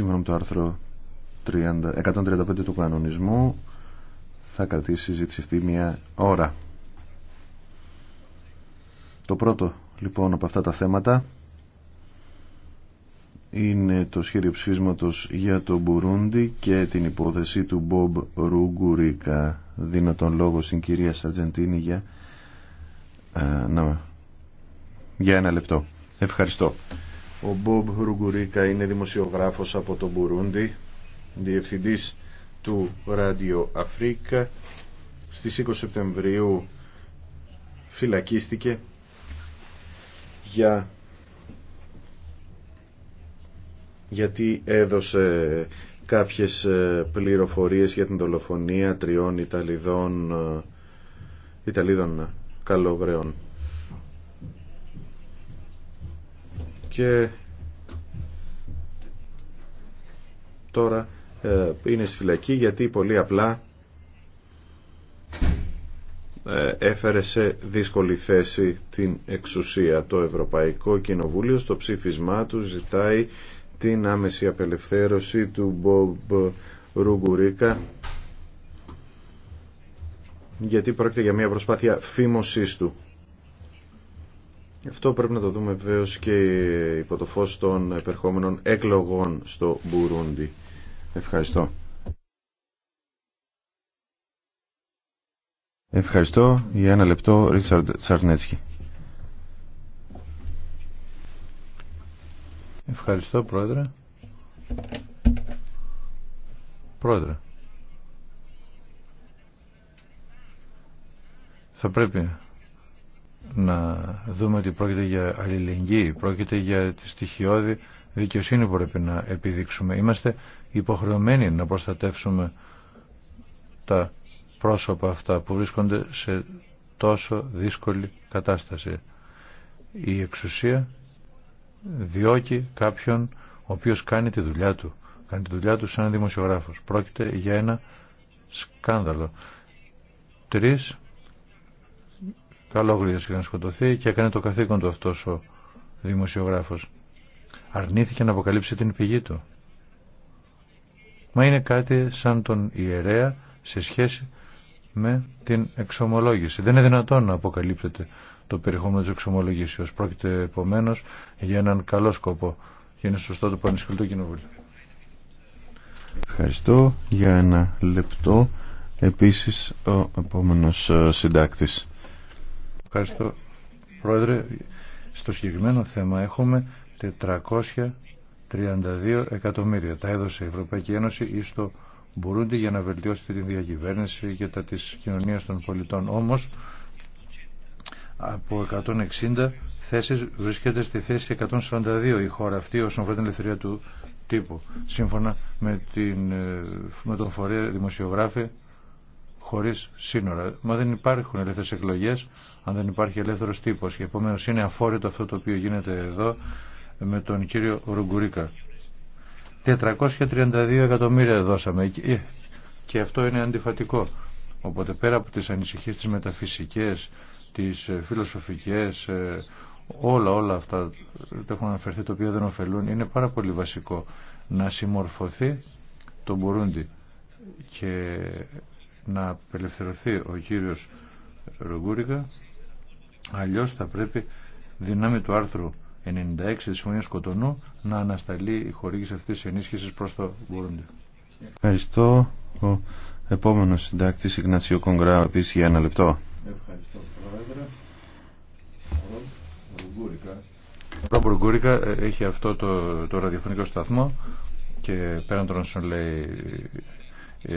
σύμφωνα με το άρθρο 135 του κανονισμού θα κρατήσει η συζήτηση αυτή μια ώρα. Το πρώτο λοιπόν από αυτά τα θέματα είναι το σχέδιο ψηφίσματος για το Μπουρούντι και την υπόθεση του Μπομπ Ρουγκουρίκα. Δίνω τον λόγο στην κυρία Σαρτζεντίνη για, ε, να, για ένα λεπτό. Ευχαριστώ. Ο Μπομπ Ρουγκουρίκα είναι δημοσιογράφος από το Μπουρούντι, διευθυντής του Ράδιο Αφρίκα. Στις 20 Σεπτεμβρίου φυλακίστηκε για... γιατί έδωσε κάποιες ε, πληροφορίες για την δολοφονία τριών Ιταλιδών, ε, Ιταλίδων καλοβρέων. και τώρα ε, είναι στη φυλακή γιατί πολύ απλά ε, έφερε σε δύσκολη θέση την εξουσία. Το Ευρωπαϊκό Κοινοβούλιο στο ψήφισμά του ζητάει την άμεση απελευθέρωση του Μπομπ Ρουγκουρίκα γιατί πρόκειται για μια προσπάθεια φήμωσής του. Αυτό πρέπει να το δούμε βεβαίω και υπό το φως των επερχόμενων εκλογών στο Μπουρούντι. Ευχαριστώ. Ευχαριστώ για ένα λεπτό Ρίτσαρντ Τσαρνέτσκι. Ευχαριστώ πρόεδρε. Πρόεδρε. Θα πρέπει να δούμε ότι πρόκειται για αλληλεγγύη, πρόκειται για τη στοιχειώδη δικαιοσύνη που πρέπει να επιδείξουμε. Είμαστε υποχρεωμένοι να προστατεύσουμε τα πρόσωπα αυτά που βρίσκονται σε τόσο δύσκολη κατάσταση. Η εξουσία διώκει κάποιον ο οποίος κάνει τη δουλειά του. Κάνει τη δουλειά του σαν δημοσιογράφος. Πρόκειται για ένα σκάνδαλο. Τρεις Καλό είχε να σκοτωθεί και έκανε το καθήκον του αυτός ο δημοσιογράφος. Αρνήθηκε να αποκαλύψει την πηγή του. Μα είναι κάτι σαν τον ιερέα σε σχέση με την εξομολόγηση. Δεν είναι δυνατόν να αποκαλύπτεται το περιεχόμενο της εξομολογήσεως. Πρόκειται επομένω για έναν καλό σκοπό και είναι σωστό το Πανεσκλητό Κοινοβούλιο. Ευχαριστώ για ένα λεπτό. Επίσης ο επόμενος ε, συντάκτης. Ευχαριστώ, Πρόεδρε. Στο συγκεκριμένο θέμα έχουμε 432 εκατομμύρια. Τα έδωσε η Ευρωπαϊκή Ένωση ή στο Μπουρούντι για να βελτιώσει την διακυβέρνηση και τα της κοινωνίας των πολιτών. Όμως, από 160 θέσεις βρίσκεται στη θέση 142 η χώρα αυτή όσον αφορά την ελευθερία του τύπου. Σύμφωνα με, την, ε, με τον φορέα δημοσιογράφη χωρίς σύνορα. Μα δεν υπάρχουν ελεύθερες εκλογές αν δεν υπάρχει ελεύθερος τύπος. Και επομένως είναι αφόρητο αυτό το οποίο γίνεται εδώ με τον κύριο Ρουγκουρίκα. 432 εκατομμύρια δώσαμε ε, και αυτό είναι αντιφατικό. Οπότε πέρα από τις ανησυχίες τις μεταφυσικές, τις ε, φιλοσοφικές, ε, όλα όλα αυτά τα έχουν αναφερθεί τα οποία δεν ωφελούν, είναι πάρα πολύ βασικό να συμμορφωθεί το Μπουρούντι και να απελευθερωθεί ο κύριος Ρογκούρικα αλλιώς θα πρέπει δυνάμει του άρθρου 96 της Συμφωνίας Κοτονού να ανασταλεί η χορήγηση αυτής της ενίσχυσης προς το Μπουρούντι. Ευχαριστώ. Ο επόμενος συντάκτης Ιγνασίου Κογκρά επίσης για ένα λεπτό. Ευχαριστώ Πρόεδρε. Ο Ρογκούρικα ε, έχει αυτό το, το ραδιοφωνικό σταθμό και πέραν των όσων λέει ε,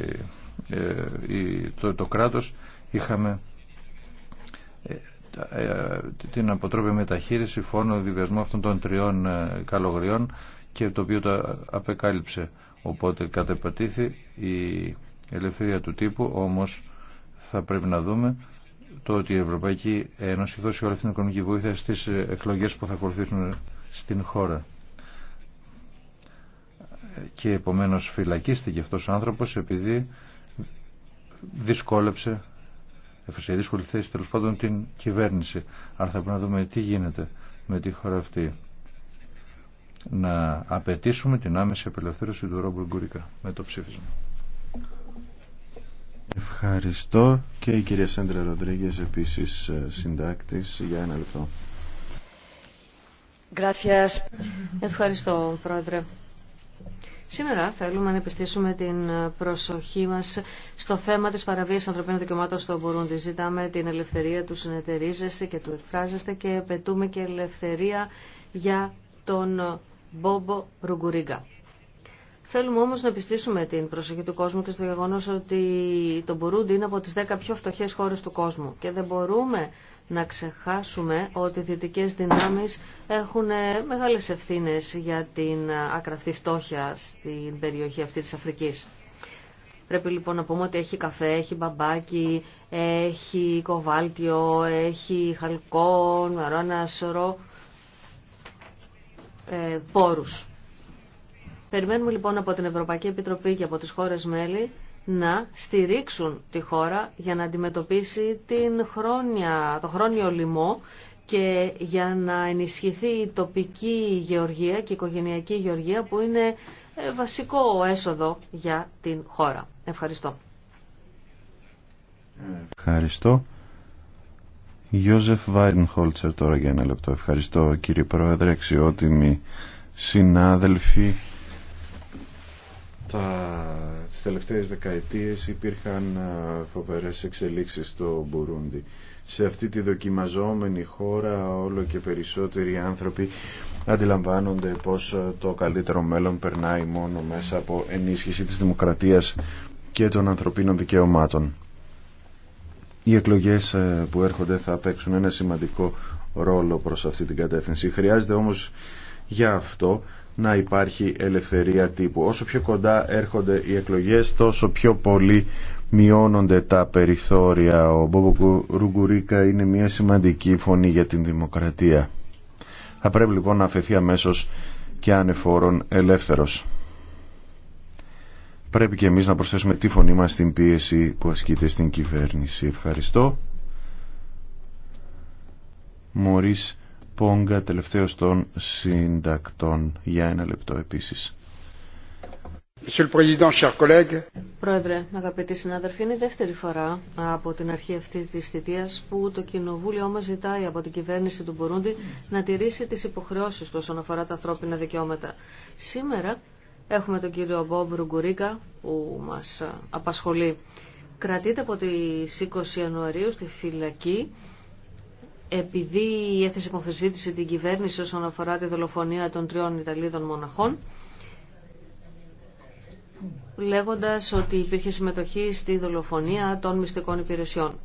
ε, το, το κράτος είχαμε ε, την αποτρόπη μεταχείριση φόνο διβιασμού αυτών των τριών καλογριών και το οποίο τα απεκάλυψε οπότε κατεπατήθη η ελευθερία του τύπου όμως θα πρέπει να δούμε το ότι η Ευρωπαϊκή Ένωση δώσει όλη την οικονομική βοήθεια στις εκλογές που θα ακολουθήσουν στην χώρα και επομένως φυλακίστηκε αυτός ο άνθρωπος επειδή δυσκόλεψε σε δύσκολη θέση τέλο πάντων την κυβέρνηση. Άρα θα πρέπει να δούμε τι γίνεται με τη χώρα αυτή. Να απαιτήσουμε την άμεση απελευθέρωση του Ρόμπουλ Γκουρικα με το ψήφισμα. Ευχαριστώ και η κυρία Σέντρα Ροντρίγκε, επίσης ε, συντάκτης για ένα λεπτό. Ευχαριστώ, Πρόεδρε. Σήμερα θέλουμε να επιστήσουμε την προσοχή μας στο θέμα της παραβίασης ανθρωπίνων δικαιωμάτων στο Μπουρούντι. Ζητάμε την ελευθερία του συνεταιρίζεστε και του εκφράζεστε και πετούμε και ελευθερία για τον Μπόμπο Ρουγκουρίγκα. Θέλουμε όμως να επιστήσουμε την προσοχή του κόσμου και στο γεγονός ότι το Μπουρούντι είναι από τις 10 πιο φτωχές χώρες του κόσμου και δεν μπορούμε να ξεχάσουμε ότι οι δυτικές δυνάμεις έχουν ε, μεγάλες ευθύνες για την ακραυτή ε, φτώχεια στην περιοχή αυτή της Αφρικής. Πρέπει λοιπόν να πούμε ότι έχει καφέ, έχει μπαμπάκι, έχει κοβάλτιο, έχει χαλκό, νερό, ένα σωρό ε, πόρους. Περιμένουμε λοιπόν από την Ευρωπαϊκή Επιτροπή και από τις χώρες μέλη να στηρίξουν τη χώρα για να αντιμετωπίσει την χρόνια, το χρόνιο λοιμό και για να ενισχυθεί η τοπική γεωργία και η οικογενειακή γεωργία που είναι ε, βασικό έσοδο για την χώρα. Ευχαριστώ. Ευχαριστώ. Γιώζεφ Βάιντχολτσερ τώρα για ένα λεπτό. Ευχαριστώ κύριε Πρόεδρε, αξιότιμοι συνάδελφοι τα, τις τελευταίες δεκαετίες υπήρχαν φοβερές εξελίξεις στο Μπουρούντι. Σε αυτή τη δοκιμαζόμενη χώρα όλο και περισσότεροι άνθρωποι αντιλαμβάνονται πως το καλύτερο μέλλον περνάει μόνο μέσα από ενίσχυση της δημοκρατίας και των ανθρωπίνων δικαιωμάτων. Οι εκλογές που έρχονται θα παίξουν ένα σημαντικό ρόλο προς αυτή την κατεύθυνση. Χρειάζεται όμως για αυτό να υπάρχει ελευθερία τύπου. Όσο πιο κοντά έρχονται οι εκλογές, τόσο πιο πολύ μειώνονται τα περιθώρια. Ο Μπόμπο Ρουγκουρίκα είναι μια σημαντική φωνή για την δημοκρατία. Θα πρέπει λοιπόν να αφαιθεί αμέσω και ανεφόρον ελεύθερος. Πρέπει και εμείς να προσθέσουμε τη φωνή μας στην πίεση που ασκείται στην κυβέρνηση. Ευχαριστώ. Μωρίς Πόγκα, τελευταίος των συντακτών, για ένα λεπτό επίσης. Πρόεδρε, αγαπητοί συνάδελφοι, είναι η δεύτερη φορά από την αρχή αυτή τη θητεία που το Κοινοβούλιο μα ζητάει από την κυβέρνηση του Μπουρούντι να τηρήσει τι υποχρεώσει του όσον αφορά τα ανθρώπινα δικαιώματα. Σήμερα έχουμε τον κύριο Μπομπ Ρουγκουρίκα που μα απασχολεί. Κρατείται από τι 20 Ιανουαρίου στη φυλακή επειδή έθεσε υποφεσβήτηση την κυβέρνηση όσον αφορά τη δολοφονία των τριών Ιταλίδων μοναχών, λέγοντας ότι υπήρχε συμμετοχή στη δολοφονία των μυστικών υπηρεσιών.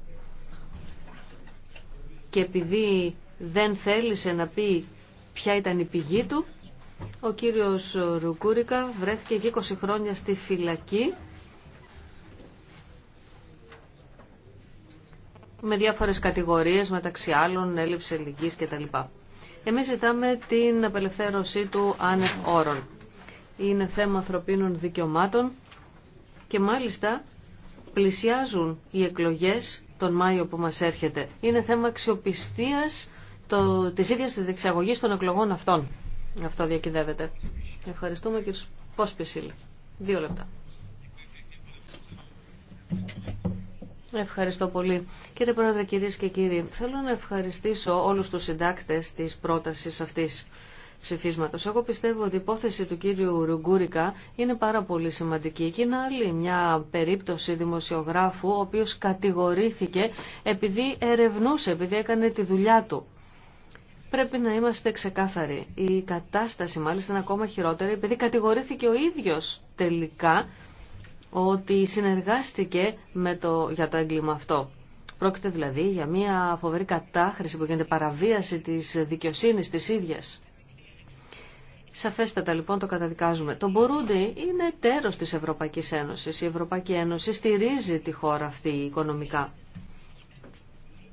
Και επειδή δεν θέλησε να πει ποια ήταν η πηγή του, ο κύριος Ρουκούρικα βρέθηκε 20 χρόνια στη φυλακή με διάφορες κατηγορίες μεταξύ άλλων έλλειψη ελληνικής κτλ. Εμείς ζητάμε την απελευθέρωσή του άνευ όρων. Είναι θέμα ανθρωπίνων δικαιωμάτων και μάλιστα πλησιάζουν οι εκλογές τον Μάιο που μας έρχεται. Είναι θέμα αξιοπιστίας το, της ίδιας της των εκλογών αυτών. Αυτό διακυδεύεται. Ευχαριστούμε κύριε τους Πόσπισιλ. Δύο λεπτά. Ευχαριστώ πολύ. Κύριε Πρόεδρε, κυρίες και κύριοι, θέλω να ευχαριστήσω όλους τους συντάκτες της πρότασης αυτής ψηφίσματος. Εγώ πιστεύω ότι η υπόθεση του κύριου Ρουγκούρικα είναι πάρα πολύ σημαντική και είναι άλλη μια περίπτωση δημοσιογράφου ο οποίος κατηγορήθηκε επειδή ερευνούσε, επειδή έκανε τη δουλειά του. Πρέπει να είμαστε ξεκάθαροι. Η κατάσταση μάλιστα είναι ακόμα χειρότερη επειδή κατηγορήθηκε ο ίδιος τελικά ότι συνεργάστηκε με το, για το έγκλημα αυτό. Πρόκειται δηλαδή για μια φοβερή κατάχρηση που γίνεται παραβίαση της δικαιοσύνης της ίδιας. Σαφέστατα λοιπόν το καταδικάζουμε. Το Μπορούντι είναι τέρος της Ευρωπαϊκής Ένωσης. Η Ευρωπαϊκή Ένωση στηρίζει τη χώρα αυτή οικονομικά.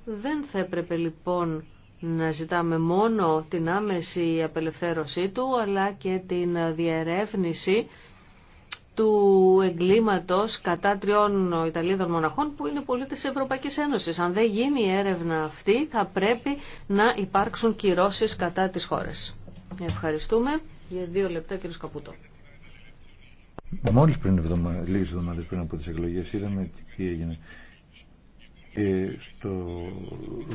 Δεν θα έπρεπε λοιπόν να ζητάμε μόνο την άμεση απελευθέρωσή του, αλλά και την διερεύνηση του εγκλήματος κατά τριών Ιταλίδων μοναχών που είναι πολίτες της Ευρωπαϊκής Ένωσης. Αν δεν γίνει η έρευνα αυτή θα πρέπει να υπάρξουν κυρώσεις κατά τις χώρες. Ευχαριστούμε. Για δύο λεπτά κύριε Σκαπούτο. Μόλις πριν εβδομα... λίγες εβδομάδες πριν από τις εκλογές είδαμε τι έγινε ε, στο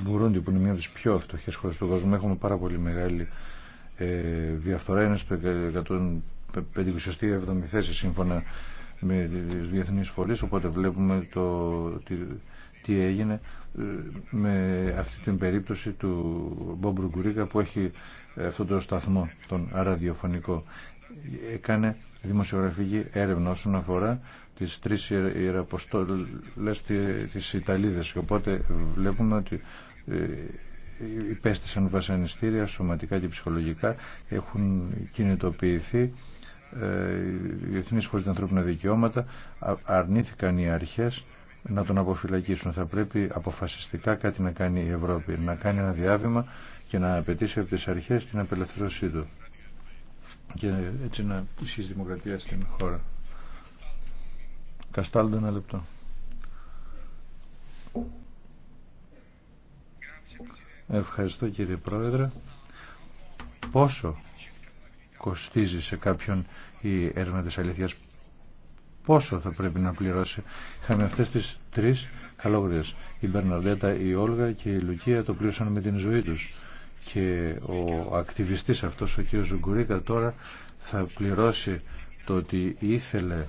Μπουρούντι που είναι μια από τις πιο φτωχές χώρες του κόσμου έχουμε πάρα πολύ μεγάλη ε, διαφθορά είναι πεντηκοσιωστή εβδομή θέση σύμφωνα με τις διεθνείς φορείς οπότε βλέπουμε το, τι, έγινε ε, με αυτή την περίπτωση του Μπόμπρου Γκουρίκα που έχει ε, αυτό το σταθμό τον ραδιοφωνικό έκανε δημοσιογραφική έρευνα όσον αφορά τις τρεις ιεραποστόλες της Ιταλίδες οπότε βλέπουμε ότι ε, υπέστησαν βασανιστήρια σωματικά και ψυχολογικά έχουν κινητοποιηθεί ε, οι Εθνείς Χωρίς τα Ανθρώπινα Δικαιώματα αρνήθηκαν οι αρχές να τον αποφυλακίσουν. Θα πρέπει αποφασιστικά κάτι να κάνει η Ευρώπη, να κάνει ένα διάβημα και να απαιτήσει από τις αρχές την απελευθέρωσή του. Και έτσι να ισχύει δημοκρατία στην χώρα. Καστάλντο ένα λεπτό. Ευχαριστώ κύριε Πρόεδρε. Πόσο κοστίζει σε κάποιον η έρευνα της αλήθειας πόσο θα πρέπει να πληρώσει. Είχαμε αυτές τις τρεις καλόγριες. Η Μπερναρδέτα, η Όλγα και η Λουκία το πλήρωσαν με την ζωή τους. Και ο ακτιβιστής αυτός, ο κ. Ζουγκουρίκα, τώρα θα πληρώσει το ότι ήθελε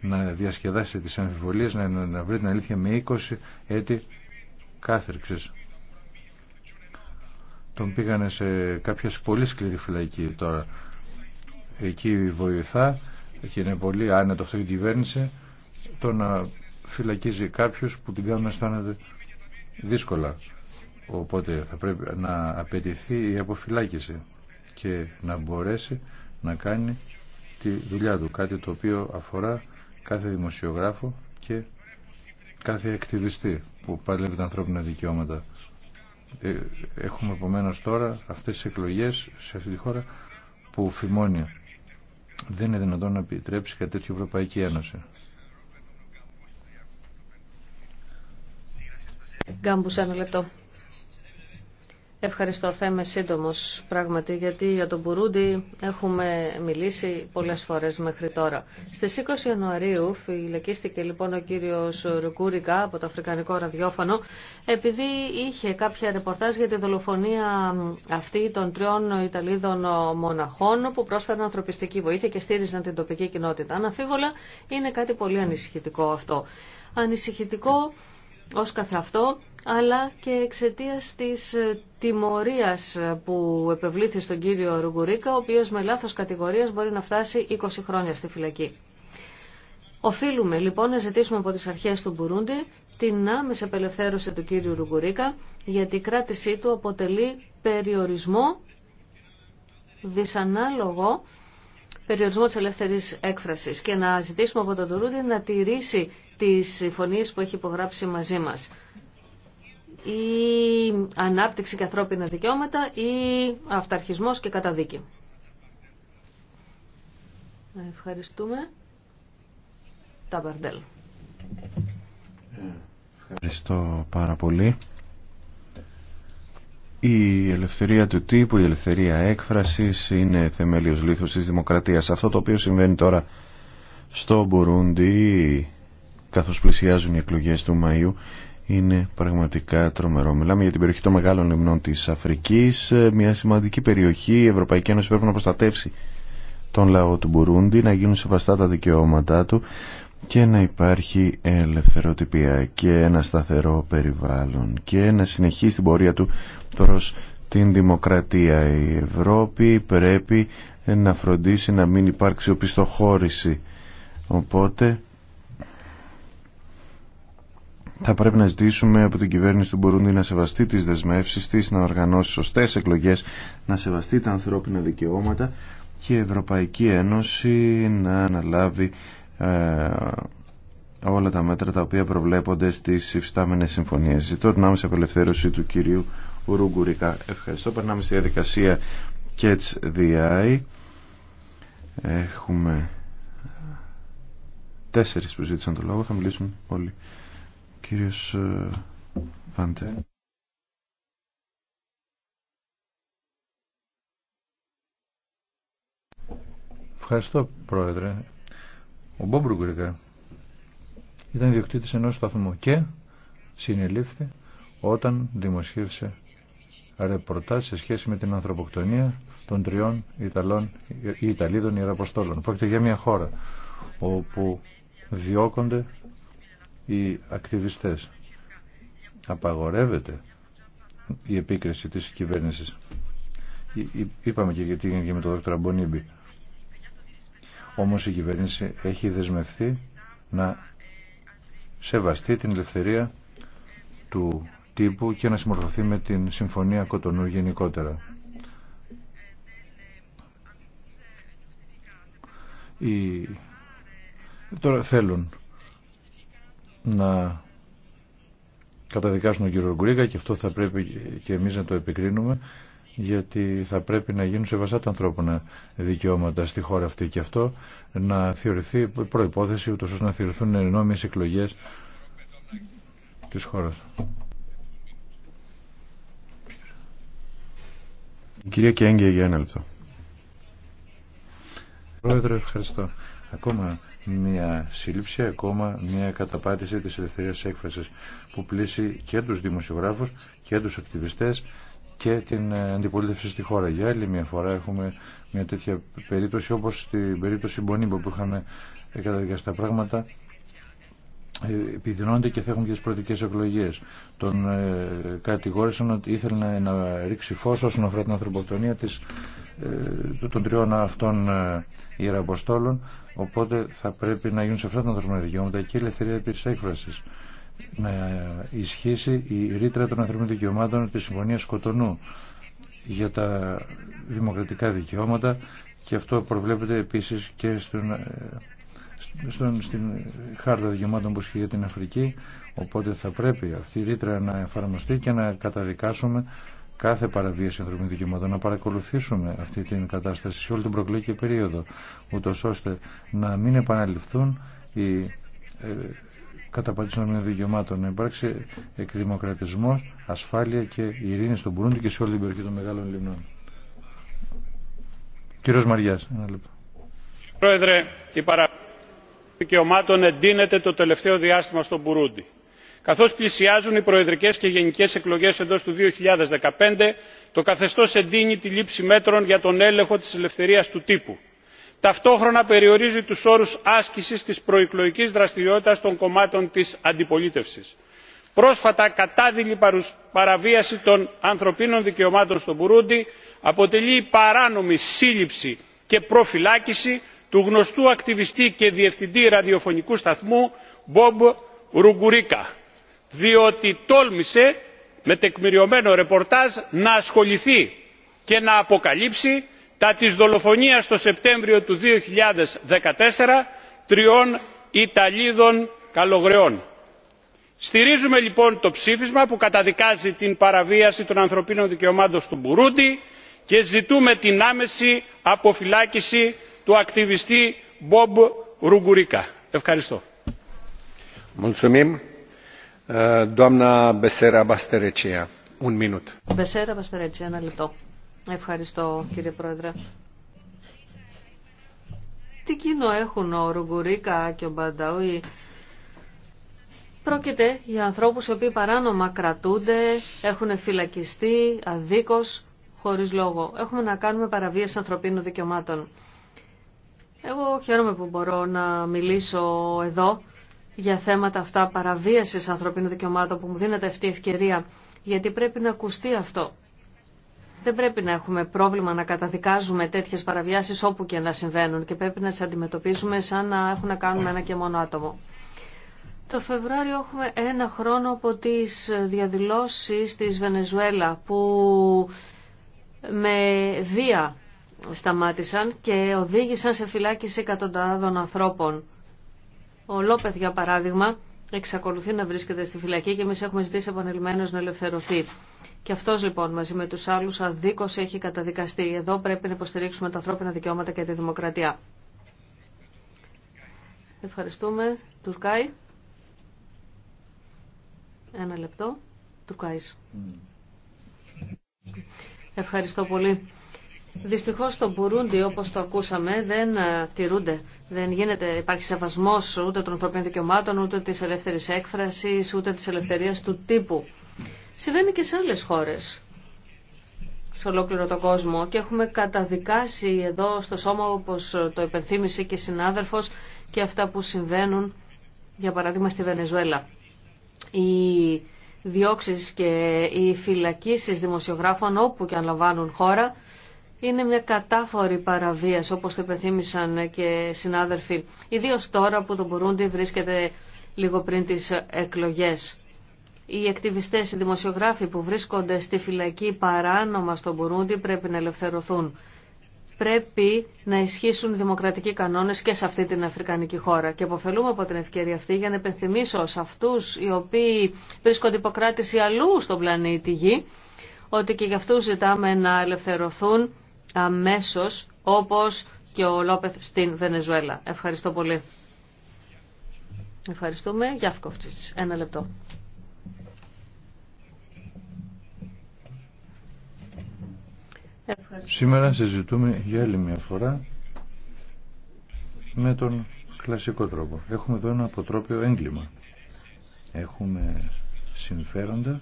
να διασκεδάσει τις αμφιβολίες, να, να βρει την αλήθεια με 20 έτη κάθερξης. Τον πήγανε σε κάποια πολύ σκληρή φυλακή τώρα εκεί βοηθά και είναι πολύ άνετο αυτό η κυβέρνηση το να φυλακίζει κάποιους που την κάνουν να αισθάνεται δύσκολα. Οπότε θα πρέπει να απαιτηθεί η αποφυλάκηση και να μπορέσει να κάνει τη δουλειά του. Κάτι το οποίο αφορά κάθε δημοσιογράφο και κάθε ακτιβιστή που παλεύει τα ανθρώπινα δικαιώματα. Ε, έχουμε επομένω τώρα αυτές τις εκλογές σε αυτή τη χώρα που φημώνει δεν είναι δυνατόν να επιτρέψει κάτι τέτοιο Ευρωπαϊκή Ένωση. Γκάμπουσα ένα λεπτό. Ευχαριστώ. Θα είμαι σύντομο πράγματι, γιατί για τον Μπουρούντι έχουμε μιλήσει πολλέ φορέ μέχρι τώρα. Στι 20 Ιανουαρίου φυλακίστηκε λοιπόν ο κύριο Ρουκούρικα από το Αφρικανικό Ραδιόφωνο, επειδή είχε κάποια ρεπορτάζ για τη δολοφονία αυτή των τριών Ιταλίδων μοναχών που πρόσφεραν ανθρωπιστική βοήθεια και στήριζαν την τοπική κοινότητα. Αναφίβολα είναι κάτι πολύ ανησυχητικό αυτό. Ανησυχητικό ω αυτό αλλά και εξαιτία τη ε, τιμωρία ε, που επευλήθη στον κύριο Ρουγκουρίκα, ο οποίος με λάθο κατηγορία μπορεί να φτάσει 20 χρόνια στη φυλακή. Οφείλουμε λοιπόν να ζητήσουμε από τις αρχές του Μπουρούντι την άμεση απελευθέρωση του κύριου Ρουγκουρίκα, γιατί η κράτησή του αποτελεί περιορισμό δυσανάλογο περιορισμό της ελεύθερης έκφρασης και να ζητήσουμε από τον Τουρούντι να τηρήσει τις συμφωνίες που έχει υπογράψει μαζί μας ή ανάπτυξη και ανθρώπινα δικαιώματα ή αυταρχισμός και καταδίκη. Ευχαριστούμε. Τα Μπαρντέλ. Ευχαριστώ πάρα πολύ. Η ελευθερία του τύπου, η ελευθερία έκφρασης είναι θεμέλιος λήθος της δημοκρατίας. Αυτό το οποίο συμβαίνει τώρα στο Μπουρούντι καθώς πλησιάζουν οι εκλογές του Μαΐου είναι πραγματικά τρομερό. Μιλάμε για την περιοχή των μεγάλων λιμνών της Αφρικής, ε, μια σημαντική περιοχή, η Ευρωπαϊκή Ένωση πρέπει να προστατεύσει τον λαό του Μπουρούντι, να γίνουν σεβαστά τα δικαιώματά του και να υπάρχει ελευθεροτυπία και ένα σταθερό περιβάλλον και να συνεχίσει την πορεία του προς την δημοκρατία. Η Ευρώπη πρέπει να φροντίσει να μην υπάρξει οπισθοχώρηση. Οπότε θα πρέπει να ζητήσουμε από την κυβέρνηση του Μπορούντι να σεβαστεί τι δεσμεύσει, τη, να οργανώσει σωστέ εκλογέ να σεβαστεί τα ανθρώπινα δικαιώματα και η Ευρωπαϊκή Ένωση να αναλάβει ε, όλα τα μέτρα τα οποία προβλέπονται στι υφιστάμενε συμφωνίε. Ζητώ την άμεση απελευθέρωση του κυρίου Ρουγκουρικά. Ευχαριστώ. Περνάμε στη διαδικασία Catch the Eye. Έχουμε τέσσερις που ζήτησαν το λόγο. Θα μιλήσουν όλοι κύριος ε, Βάντε. Ευχαριστώ, Πρόεδρε. Ο Μπομπρουγκρικα ήταν διοκτήτης ενός σταθμού και συνελήφθη όταν δημοσίευσε ρεπορτάζ σε σχέση με την ανθρωποκτονία των τριών Ιταλών, Ιταλίδων Ιεραποστόλων. Πρόκειται για μια χώρα όπου διώκονται οι ακτιβιστές. Απαγορεύεται η επίκριση της κυβέρνησης. Είπαμε και γιατί έγινε και με τον Δ. Μπονίμπη. Όμως η κυβέρνηση έχει δεσμευθεί να σεβαστεί την ελευθερία του τύπου και να συμμορφωθεί με την Συμφωνία Κοτονού γενικότερα. Οι... Τώρα θέλουν να καταδικάσουν τον κύριο Γκρίγκα και αυτό θα πρέπει και εμείς να το επικρίνουμε γιατί θα πρέπει να γίνουν σεβαστά τα ανθρώπινα δικαιώματα στη χώρα αυτή και αυτό να θεωρηθεί προϋπόθεση ούτως ώστε να θεωρηθούν νόμιες εκλογές της χώρας. κυρία Κέγγε για ένα λεπτό. Πρόεδρε, ευχαριστώ. Ακόμα μια σύλληψη, ακόμα μια καταπάτηση της ελευθερίας έκφρασης που πλήσει και τους δημοσιογράφους και τους ακτιβιστές και την ε, αντιπολίτευση στη χώρα. Για άλλη μια φορά έχουμε μια τέτοια περίπτωση όπως την περίπτωση Μπονίμπο που είχαμε ε, καταδικαστά πράγματα επιδεινώνεται και θα έχουν και τις προεδρικές εκλογές. Τον ε, κατηγόρησαν ότι ήθελε να, να ρίξει φως όσον αφορά την ανθρωποκτονία ε, των τριών αυτών ε, ιεραποστόλων, οπότε θα πρέπει να γίνουν σε αυτά τα ανθρώπινα δικαιώματα και η ελευθερία της έκφρασης. Να ισχύσει η ρήτρα των ανθρώπινων δικαιωμάτων της Συμφωνίας Κοτονού για τα δημοκρατικά δικαιώματα και αυτό προβλέπεται επίσης και στον ε, στον, στην χάρτα δικαιωμάτων που ισχύει για την Αφρική οπότε θα πρέπει αυτή η ρήτρα να εφαρμοστεί και να καταδικάσουμε κάθε παραβίαση ανθρωπίνων δικαιωμάτων να παρακολουθήσουμε αυτή την κατάσταση σε όλη την προκλήκη περίοδο ούτω ώστε να μην επαναληφθούν οι ε, καταπατήσεις των δικαιωμάτων να υπάρξει εκδημοκρατισμός, ασφάλεια και ειρήνη στον Μπουρούντι και σε όλη την περιοχή των μεγάλων λιμνών. Κύριος Μαριάς, ένα λεπτό. Πρόεδρε, η παρα δικαιωμάτων εντείνεται το τελευταίο διάστημα στο μπουρούντι. καθώς πλησιάζουν οι προεδρικές και γενικές εκλογές εντός του 2015 το καθεστώς εντείνει τη λήψη μέτρων για τον έλεγχο της ελευθερίας του τύπου. ταυτόχρονα περιορίζει τους όρους άσκησης της προεκλογικής δραστηριότητας των κομμάτων της αντιπολίτευσης. πρόσφατα κατάδειλη παραβίαση των ανθρωπίνων δικαιωμάτων στο μπουρούντι αποτελεί παράνομη σύλληψη και προφυλάκηση του γνωστού ακτιβιστή και διευθυντή ραδιοφωνικού σταθμού μπομπ ρουγκουρίκα διότι τόλμησε με τεκμηριωμένο ρεπορτάζ να ασχοληθεί και να αποκαλύψει τα της δολοφονίας το σεπτέμβριο του 2014 τριών Ιταλίδων καλογρεών. Στηρίζουμε λοιπόν το ψήφισμα που καταδικάζει την παραβίαση των ανθρωπίνων δικαιωμάτων στο Μπουρούντι και ζητούμε την άμεση αποφυλάκηση του ακτιβιστή Μπομπ Ρουγκουρίκα. Ευχαριστώ. Ε, ένα λεπτό. Ευχαριστώ κύριε Πρόεδρε. Τι κοινό έχουν ο Ρουγκουρίκα και ο Μπανταούι. Πρόκειται για ανθρώπους οι οποίοι παράνομα κρατούνται, έχουν φυλακιστεί αδίκως, χωρίς λόγο. Έχουμε να κάνουμε παραβίαση ανθρωπίνων δικαιωμάτων. Εγώ χαίρομαι που μπορώ να μιλήσω εδώ για θέματα αυτά παραβίασης ανθρωπίνων δικαιωμάτων που μου δίνεται αυτή η ευκαιρία, γιατί πρέπει να ακουστεί αυτό. Δεν πρέπει να έχουμε πρόβλημα να καταδικάζουμε τέτοιες παραβιάσεις όπου και να συμβαίνουν και πρέπει να τις αντιμετωπίσουμε σαν να έχουν να κάνουμε ένα και μόνο άτομο. Το Φεβρουάριο έχουμε ένα χρόνο από τις διαδηλώσεις της Βενεζουέλα που με βία σταμάτησαν και οδήγησαν σε φυλάκιση εκατοντάδων ανθρώπων. Ο Λόπεθ, για παράδειγμα, εξακολουθεί να βρίσκεται στη φυλακή και εμεί έχουμε ζητήσει επανελειμμένω να ελευθερωθεί. Και αυτό λοιπόν μαζί με του άλλου αδίκω έχει καταδικαστεί. Εδώ πρέπει να υποστηρίξουμε τα ανθρώπινα δικαιώματα και τη δημοκρατία. Ευχαριστούμε. Τουρκάι. Ένα λεπτό. Τουρκάης. Mm. Ευχαριστώ πολύ. Δυστυχώς το Μπουρούντι, όπως το ακούσαμε, δεν ε, τηρούνται. Δεν γίνεται, υπάρχει σεβασμός ούτε των ανθρωπίνων δικαιωμάτων, ούτε της ελεύθερης έκφρασης, ούτε της ελευθερίας του τύπου. Συμβαίνει και σε άλλες χώρες σε ολόκληρο τον κόσμο και έχουμε καταδικάσει εδώ στο σώμα όπως το υπενθύμησε και συνάδελφος και αυτά που συμβαίνουν για παράδειγμα στη Βενεζουέλα. Οι διώξεις και οι φυλακίσεις δημοσιογράφων όπου και αν λαμβάνουν χώρα είναι μια κατάφορη παραβίαση, όπως το υπενθύμησαν και συνάδελφοι, ιδίως τώρα που το Μπουρούντι βρίσκεται λίγο πριν τις εκλογές. Οι εκτιβιστές, οι δημοσιογράφοι που βρίσκονται στη φυλακή παράνομα στο Μπουρούντι πρέπει να ελευθερωθούν. Πρέπει να ισχύσουν δημοκρατικοί κανόνες και σε αυτή την Αφρικανική χώρα. Και αποφελούμε από την ευκαιρία αυτή για να επενθυμίσω σε αυτούς οι οποίοι βρίσκονται υποκράτηση αλλού στον πλανήτη Γη, ότι και γι' αυτούς ζητάμε να ελευθερωθούν αμέσως όπως και ο Λόπεθ στην Βενεζουέλα. Ευχαριστώ πολύ. Ευχαριστούμε. Γιάφκοφτσιτς. Ένα λεπτό. Ευχαριστώ. Σήμερα συζητούμε για άλλη μια φορά με τον κλασικό τρόπο. Έχουμε εδώ ένα αποτρόπιο έγκλημα. Έχουμε συμφέροντα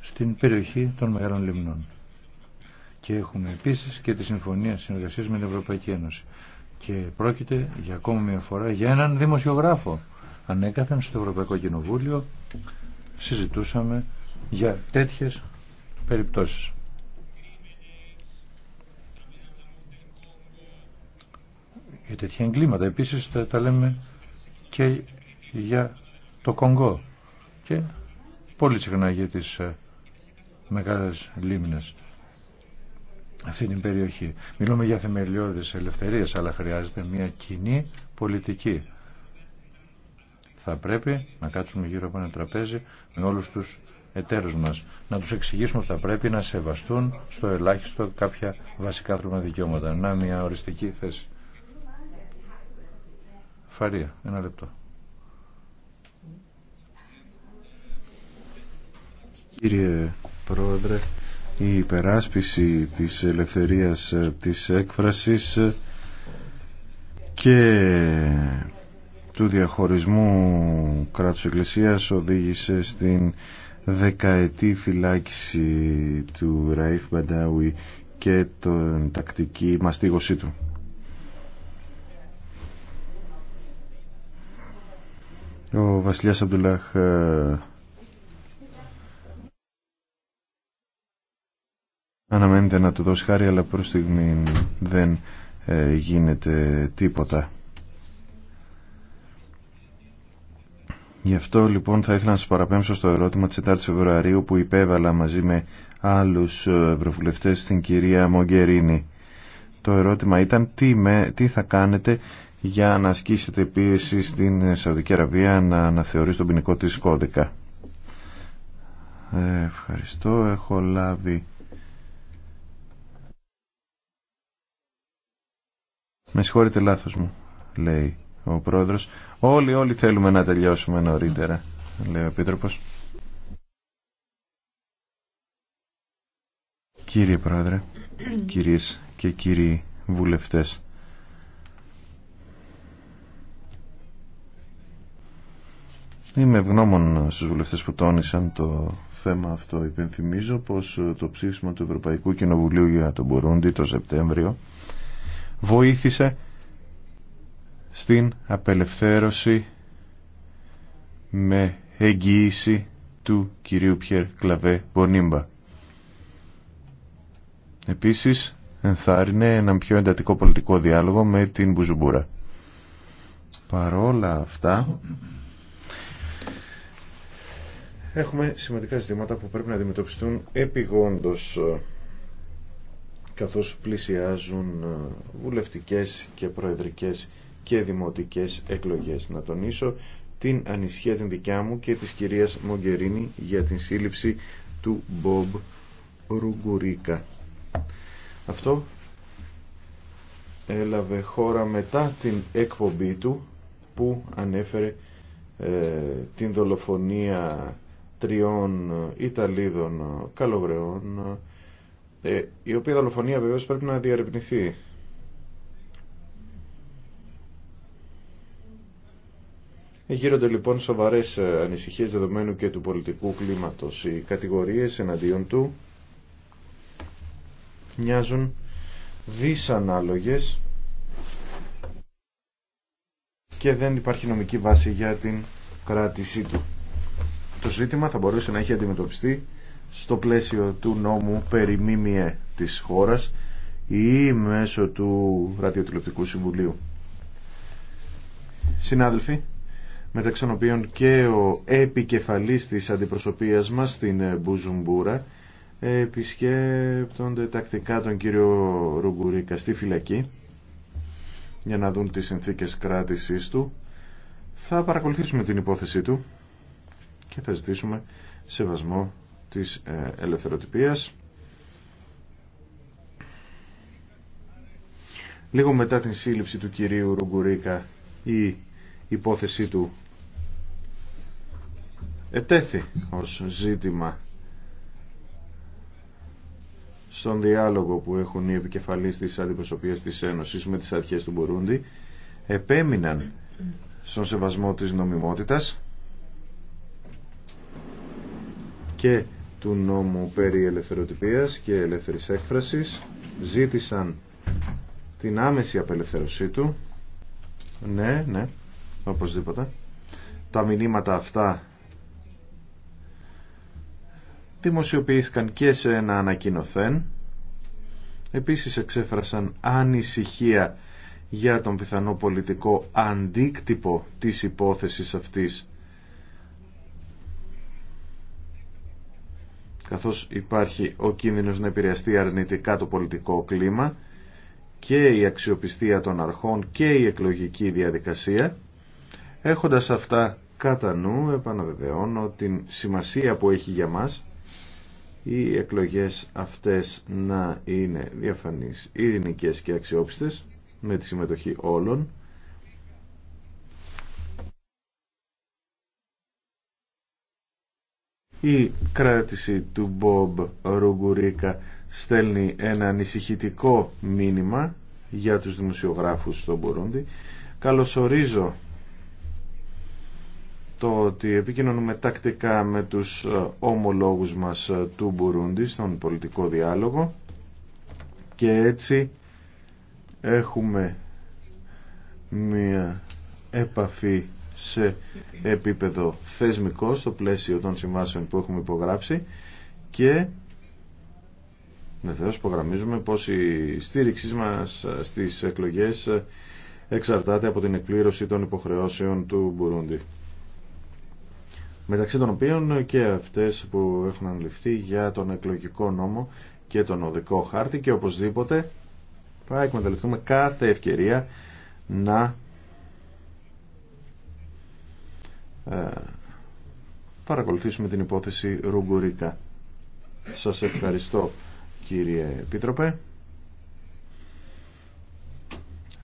στην περιοχή των μεγάλων λιμνών και έχουμε επίσης και τη Συμφωνία Συνεργασίας με την Ευρωπαϊκή Ένωση. Και πρόκειται για ακόμα μια φορά για έναν δημοσιογράφο. Ανέκαθεν στο Ευρωπαϊκό Κοινοβούλιο συζητούσαμε για τέτοιες περιπτώσεις. Για τέτοια εγκλήματα. Επίσης τα, λέμε και για το Κονγκό και πολύ συχνά για τις ε, μεγάλες λίμνες αυτή την περιοχή. Μιλούμε για θεμελιώδεις ελευθερίες, αλλά χρειάζεται μια κοινή πολιτική. Θα πρέπει να κάτσουμε γύρω από ένα τραπέζι με όλους τους εταίρους μας, να τους εξηγήσουμε ότι θα πρέπει να σεβαστούν στο ελάχιστο κάποια βασικά άνθρωπινα δικαιώματα. Να μια οριστική θέση. Φαρία, ένα λεπτό. Κύριε Πρόεδρε, η υπεράσπιση της ελευθερίας ε, της έκφρασης ε, και του διαχωρισμού κράτους εκκλησίας οδήγησε στην δεκαετή φυλάκιση του Ραϊφ Μπαντάουι και την τακτική μαστίγωσή του. Ο βασιλιάς Αμπτουλάχ ε, Αναμένεται να του δώσει χάρη, αλλά προς στιγμή δεν ε, γίνεται τίποτα. Γι' αυτό λοιπόν θα ήθελα να σας παραπέμψω στο ερώτημα της 4 Φεβρουαρίου που υπέβαλα μαζί με άλλους ε, ευρωβουλευτές στην κυρία Μογκερίνη. Το ερώτημα ήταν τι, με, τι θα κάνετε για να ασκήσετε πίεση στην ε, Σαουδική Αραβία να αναθεωρήσει τον ποινικό της κώδικα. Ε, ευχαριστώ. Έχω λάβει Με συγχωρείτε λάθος μου, λέει ο πρόεδρος. Όλοι, όλοι θέλουμε να τελειώσουμε νωρίτερα, λέει ο επίτροπος. Κύριε Πρόεδρε, κυρίες και κύριοι βουλευτές, Είμαι ευγνώμων στους βουλευτές που τόνισαν το θέμα αυτό. Υπενθυμίζω πως το ψήφισμα του Ευρωπαϊκού Κοινοβουλίου για τον Μπουρούντι το Σεπτέμβριο βοήθησε στην απελευθέρωση με εγγύηση του κυρίου Πιέρ Κλαβέ Μπονίμπα. Επίσης ενθάρρυνε έναν πιο εντατικό πολιτικό διάλογο με την Μπουζουμπούρα. Παρόλα αυτά έχουμε σημαντικά ζητήματα που πρέπει να αντιμετωπιστούν επιγόντως καθώς πλησιάζουν ε, βουλευτικές και προεδρικές και δημοτικές εκλογές. Να τονίσω την ανησυχία την δικιά μου και της κυρίας Μογκερίνη για την σύλληψη του Μπομπ Ρουγκουρίκα. Αυτό έλαβε χώρα μετά την εκπομπή του που ανέφερε ε, την δολοφονία τριών ε, Ιταλίδων καλογρεών ε, η οποία δολοφονία βεβαίως πρέπει να διαρευνηθεί. Γύρονται λοιπόν σοβαρές ε, ανησυχίες δεδομένου και του πολιτικού κλίματος. Οι κατηγορίες εναντίον του μοιάζουν δυσανάλογες και δεν υπάρχει νομική βάση για την κράτησή του. Το ζήτημα θα μπορούσε να έχει αντιμετωπιστεί στο πλαίσιο του νόμου περί μίμιε της χώρας ή μέσω του Ραδιοτηλεοπτικού Συμβουλίου. Συνάδελφοι, μεταξύ των οποίων και ο επικεφαλής της αντιπροσωπείας μας στην Μπουζουμπούρα επισκέπτονται τακτικά τον κύριο Ρουγκουρίκα στη φυλακή για να δουν τις συνθήκες κράτησής του. Θα παρακολουθήσουμε την υπόθεσή του και θα ζητήσουμε σεβασμό της ε, ελευθεροτυπίας. Λίγο μετά την σύλληψη του κυρίου Ρουγκουρίκα η υπόθεσή του ετέθη ως ζήτημα στον διάλογο που έχουν οι επικεφαλείς της αντιπροσωπείας της Ένωσης με τις αρχές του Μπουρούντι επέμειναν στον σεβασμό της νομιμότητας και του νόμου περί ελευθεροτυπίας και ελεύθερης έκφρασης ζήτησαν την άμεση απελευθέρωσή του. Ναι, ναι, οπωσδήποτε. Τα μηνύματα αυτά δημοσιοποιήθηκαν και σε ένα ανακοινοθέν. Επίσης εξέφρασαν ανησυχία για τον πιθανό πολιτικό αντίκτυπο της υπόθεσης αυτής καθώς υπάρχει ο κίνδυνος να επηρεαστεί αρνητικά το πολιτικό κλίμα και η αξιοπιστία των αρχών και η εκλογική διαδικασία. Έχοντας αυτά κατά νου, επαναβεβαιώνω την σημασία που έχει για μας οι εκλογές αυτές να είναι διαφανείς, ειρηνικές και αξιόπιστες με τη συμμετοχή όλων Η κράτηση του Μπομπ Ρουγκουρίκα στέλνει ένα ανησυχητικό μήνυμα για τους δημοσιογράφους στον Μπουρούντι. Καλωσορίζω το ότι επικοινωνούμε τακτικά με τους ε, ομολόγους μας ε, του Μπουρούντι στον πολιτικό διάλογο και έτσι έχουμε μια επαφή σε επίπεδο θεσμικό στο πλαίσιο των συμβάσεων που έχουμε υπογράψει και βεβαίω υπογραμμίζουμε πως η στήριξή μας στις εκλογές εξαρτάται από την εκπλήρωση των υποχρεώσεων του Μπουρούντι μεταξύ των οποίων και αυτές που έχουν αναλυφθεί για τον εκλογικό νόμο και τον οδικό χάρτη και οπωσδήποτε θα εκμεταλλευτούμε κάθε ευκαιρία να Ε, παρακολουθήσουμε την υπόθεση Ρουγκουρίκα. Σας ευχαριστώ κύριε Επίτροπε.